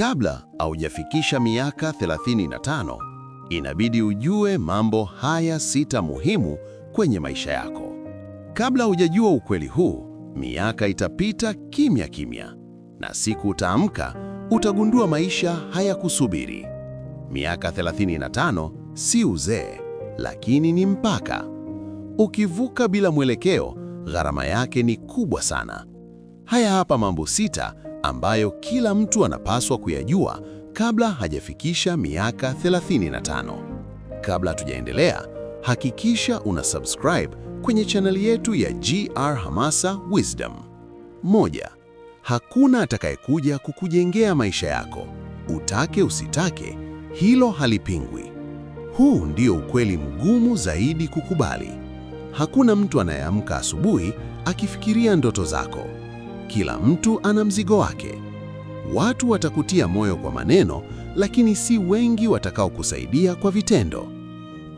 Kabla haujafikisha miaka 35, inabidi ujue mambo haya sita muhimu kwenye maisha yako. Kabla hujajua ukweli huu, miaka itapita kimya kimya, na siku utaamka utagundua maisha hayakusubiri. Miaka 35 si uzee, lakini ni mpaka. Ukivuka bila mwelekeo, gharama yake ni kubwa sana. Haya hapa mambo sita ambayo kila mtu anapaswa kuyajua kabla hajafikisha miaka 35. Kabla tujaendelea, hakikisha una subscribe kwenye chaneli yetu ya GR Hamasa Wisdom. Moja, hakuna atakayekuja kukujengea maisha yako, utake usitake, hilo halipingwi. Huu ndio ukweli mgumu zaidi kukubali. Hakuna mtu anayeamka asubuhi akifikiria ndoto zako kila mtu ana mzigo wake. Watu watakutia moyo kwa maneno, lakini si wengi watakaokusaidia kwa vitendo.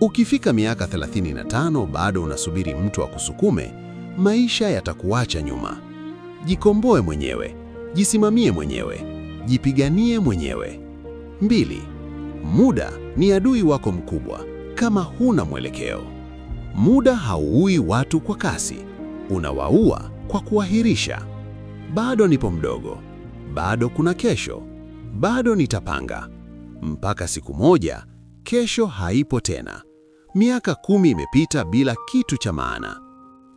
Ukifika miaka 35 bado unasubiri mtu akusukume, maisha yatakuacha nyuma. Jikomboe mwenyewe, jisimamie mwenyewe, jipiganie mwenyewe. Mbili, muda ni adui wako mkubwa kama huna mwelekeo. Muda hauui watu kwa kasi, unawaua kwa kuahirisha bado nipo mdogo, bado kuna kesho, bado nitapanga. Mpaka siku moja kesho haipo tena. Miaka kumi imepita bila kitu cha maana.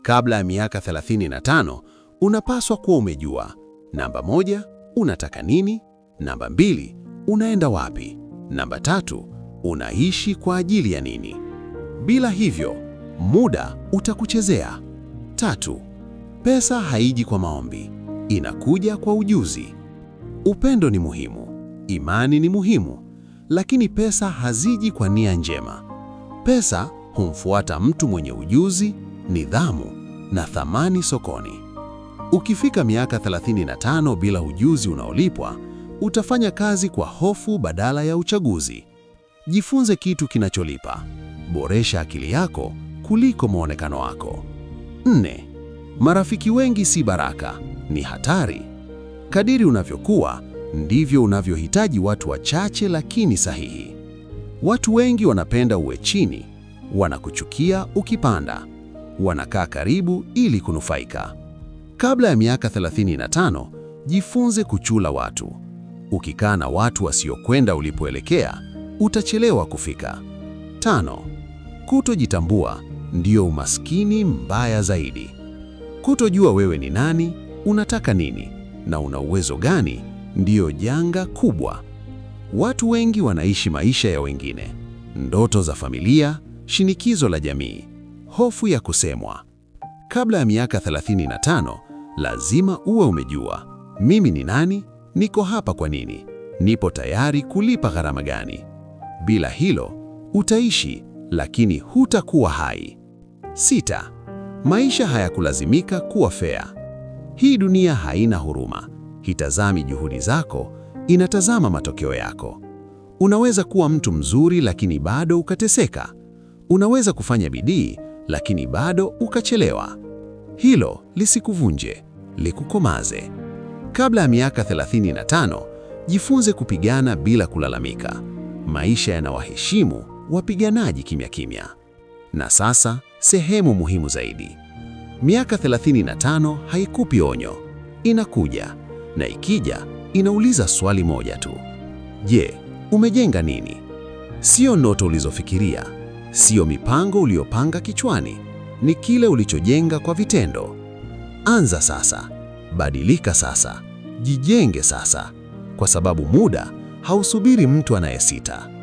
Kabla ya miaka 35 unapaswa kuwa umejua: namba moja, unataka nini; namba mbili, unaenda wapi; namba tatu, unaishi kwa ajili ya nini. Bila hivyo, muda utakuchezea. Tatu, pesa haiji kwa maombi inakuja kwa ujuzi. Upendo ni muhimu, imani ni muhimu, lakini pesa haziji kwa nia njema. Pesa humfuata mtu mwenye ujuzi, nidhamu na thamani sokoni. Ukifika miaka 35 bila ujuzi unaolipwa, utafanya kazi kwa hofu badala ya uchaguzi. Jifunze kitu kinacholipa. Boresha akili yako kuliko mwonekano wako. Nne, marafiki wengi si baraka ni hatari. Kadiri unavyokuwa ndivyo unavyohitaji watu wachache lakini sahihi. Watu wengi wanapenda uwe chini, wanakuchukia ukipanda, wanakaa karibu ili kunufaika. Kabla ya miaka 35, jifunze kuchula watu. Ukikaa na watu wasiokwenda ulipoelekea, utachelewa kufika. Tano, kutojitambua ndio umaskini mbaya zaidi. Kutojua wewe ni nani unataka nini na una uwezo gani, ndiyo janga kubwa. Watu wengi wanaishi maisha ya wengine, ndoto za familia, shinikizo la jamii, hofu ya kusemwa. Kabla ya miaka 35 lazima uwe umejua mimi ni nani, niko hapa kwa nini, nipo tayari kulipa gharama gani. Bila hilo utaishi, lakini hutakuwa hai. Sita, maisha hayakulazimika kuwa fair. Hii dunia haina huruma, hitazami juhudi zako, inatazama matokeo yako. Unaweza kuwa mtu mzuri lakini bado ukateseka. Unaweza kufanya bidii lakini bado ukachelewa. Hilo lisikuvunje, likukomaze. Kabla ya miaka 35, jifunze kupigana bila kulalamika. Maisha yanawaheshimu wapiganaji kimya kimya. Na sasa, sehemu muhimu zaidi. Miaka 35 haikupi onyo, inakuja na ikija inauliza swali moja tu: je, umejenga nini? Sio ndoto ulizofikiria, sio mipango uliyopanga kichwani, ni kile ulichojenga kwa vitendo. Anza sasa, badilika sasa, jijenge sasa, kwa sababu muda hausubiri mtu anayesita.